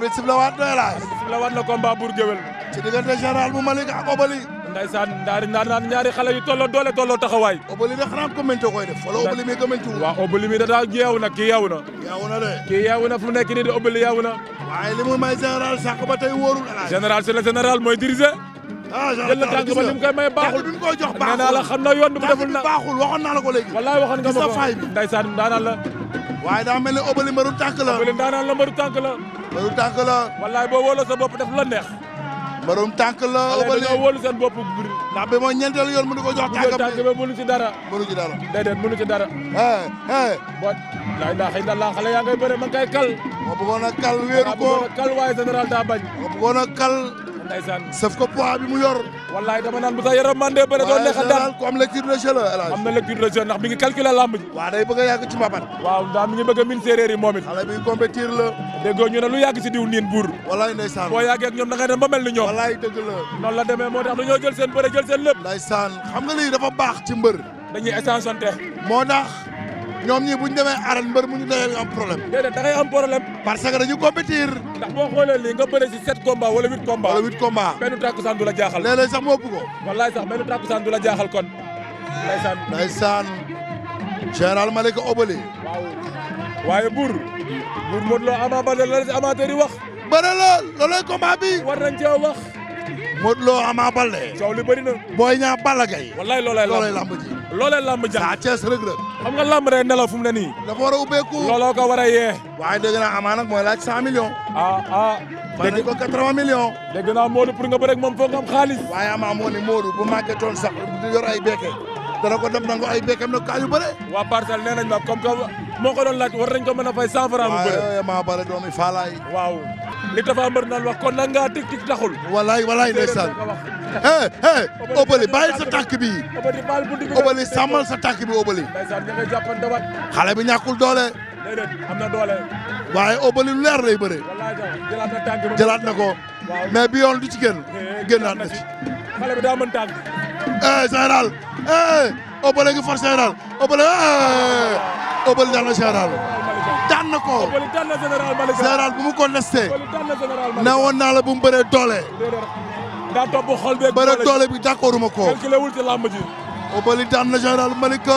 arbitre sifla waat na laaj sifla waat na combat Bour Gueweul ci diggante général bu Malick ak Obali ndeysaan ndaari ndaari ñaari xale yu tolloo doole tolloo taxawaay Obali de xanaa commenté koy def wala Obali mi commenté wu waaw Obali mi dadaa yeewu na kii yeewu na yeewu na de kii yeewu na fu mu nekk nii de Obali yeewu na waaye li mu may général sàq ba tey wóorul alaaj général c'est le général mooy diriger ah jël na tànk ba li mu koy may baaxul bi mu koy jox baaxul nee naa la xam na yoon bu deful na baaxul waxoon naa la ko léegi wallaay waxoon nga ma ko ndeysaan daanaan la waaye dah mel ne obali mbaru tànk la. obali daa naan la mbaru tànk la. mbaru tànk la. wallaay boo wóolu sa bopp def la neex. mbarum tànk la obali. waaye wóolu seen bopp bu biir. ndax bi ma ñeenteel yoon mu ne ko jox tànk bi. tànk bi mënu ci dara. mënu ci dara. déedéet mënu ci dara. hee hee. boo laay laa xëy na laa xale yaa ngay bëre ma ngay kal. ma bëggoon ndeysaan sëf naan bu sax yaram mandé bëre doon neex a daan ko am lecture de jeu la El na lecture de jeu ndax ngi calculer lamb ji waaw day bëgg a yàgg ci mbapat waaw ndax ngi bëgg a min séeréer yi moom bi compétir la déggoo ñu ne lu yàgg si diw niin buur wallaay ndeysaan boo yàggee ak ñoom da ngay dem ba mel ni ñoom wallaay dëgg la noonu la demee moo tax dañoo jël seen bëre jël seen lépp ndeysaan xam nga lii dafa baax ci mbër ñoom ñii bu ñu demee arène mbër mu ñu dajeel am problème. déedéet da am problème. parce dañu compétir. ndax boo xoolee lii nga bëre si sept combats wala huit combats. wala huit combats la jaaxal. léeg-léeg sax moo ëpp ko. wallaay sax benn takkusaan du la jaaxal kon. ndeysaan ndeysaan. général Malika Obali. waaye Bour. Bour Modou Lo Ama la amateur yi wax. bëre la loolay combat war nañ cee wax. Modou Lo a Baldé. coow li bëri na. Boy Niang Balla Gaye. wallaay loolay lamb loolay lamb ji. loolee lamb ja. Sa Thiès Reug Reug. xam nga nelaw fu ne nii. dafa war a ubbeeku. looloo ko war a yee. waaye dégg naa Ama nag mooy laaj cent millions. ah ah. dégg nañ ko quatre-vingts millions. dégg moom foog nga am xaalis. waaye Ama moo ne Modou bu màggee toon sax di yor ay dana ko dem nangu ay bekkam nag kaa yu bëre waa parcelle nee nañ ma comme que moo ko doon laaj war nañ ko mën a fay cent franc bu bëre maa bëre doomi faalaay waaw li tafa mbër naan wax kon nag ngaa tik tik taxul walaay walaay ndeysaan eh eh obali bàyyi sa tànk bi obali sàmmal sa tànk bi obali ndeysaan nga jàppante wat xale bi ñàkkul doole déedéet am na doole waaye obali lu leer lay bëre jëlaat na ko mais bi yoon du ci génn eh, génnaat na ci xale bi daa mën tànk eh, Obeuly ngi for général Obeuly Obeuly daan na général daan na ko général bu mu ko lesté ne woon naa la bu mu bëree doole daa topp xol bi bëre doole bi d'accorduma ko calculé wul ci làmb ji Obeuly daan na Malika